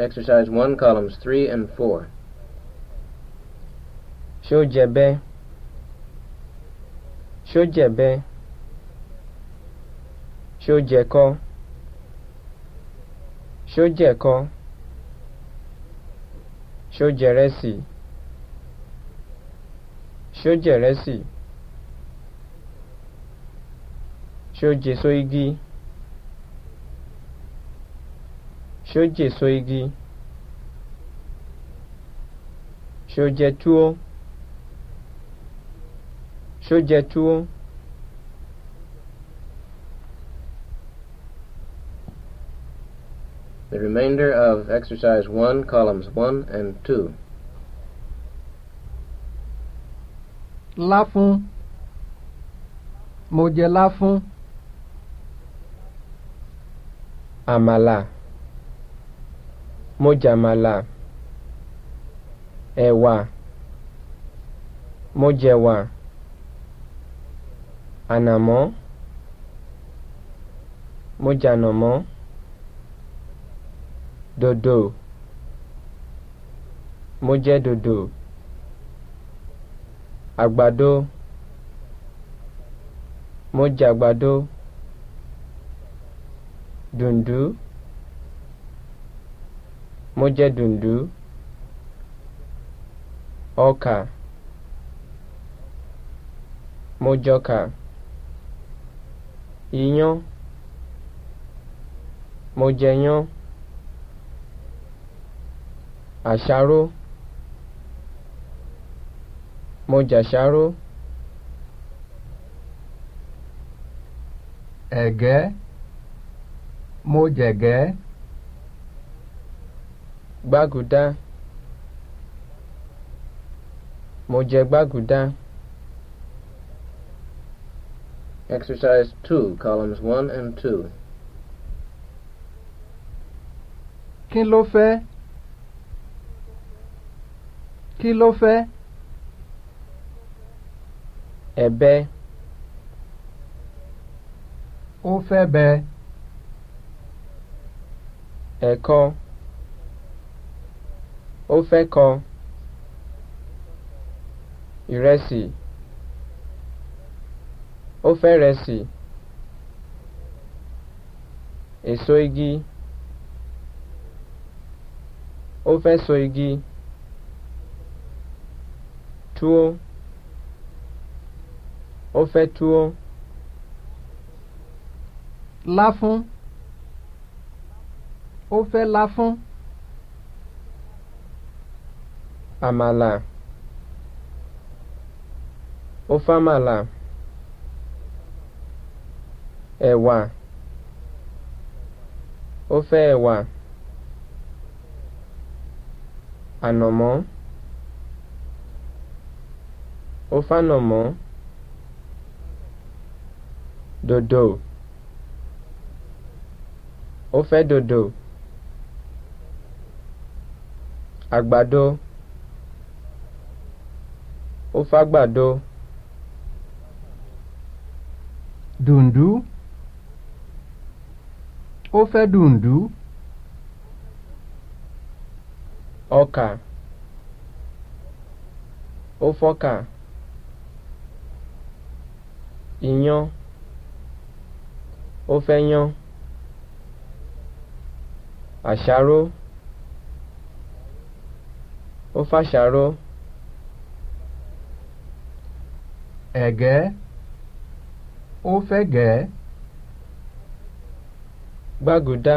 Exercise 1, columns 3 and 4. Shojebe. Shojebe. Shojeko. Shojeko. Shojeresi. Shojeresi. Shojesoigi. ṣé ó jèso igi ṣé ó jẹ ó jẹ The remainder of exercise 1, columns 1 and 2. Láfún. Mo jẹ láfún. Àmàlà. mojàmàlà ẹ̀wà mojẹ̀wà ànàmọ́ mojànàmọ́ dòdò mojẹ dòdò àgbàdo mojàgbàdo dùndú mo jẹ dùndú ọkà mo jọkà iyán mo jẹyán àṣáró gbágudá mo jẹ gbágudá. Exercise two, columns one and two. Kí ló fẹ́? Kí ló fẹ́? Ẹ̀bẹ̀. Ó fẹ́ bẹ̀. Ẹ̀kọ. E ó fẹ́ kan ìrẹsì ó fẹ́ rẹsì èso igi ó fẹ́ so igi túwó ó fẹ́ túwó láfún ó fẹ́ láfún. àmàlà ofe àmàlà ẹ̀wà ofe ẹ̀wà ànàmọ́ ofe ànàmọ́ ofe dodo àgbàdo. ó fágbàdọ. dùndú ó fẹ́ dùndú. ọkà ó fọ́kà iyán ó fẹ́ yán àṣàrò ó ẹ̀gẹ́ ó fẹ́ gẹ́ gbàgùdá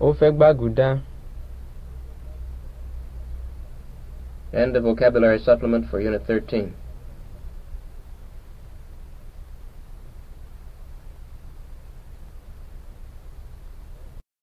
ó fẹ́ gbàgùdá. End the vocabulary supplement for Unit 13.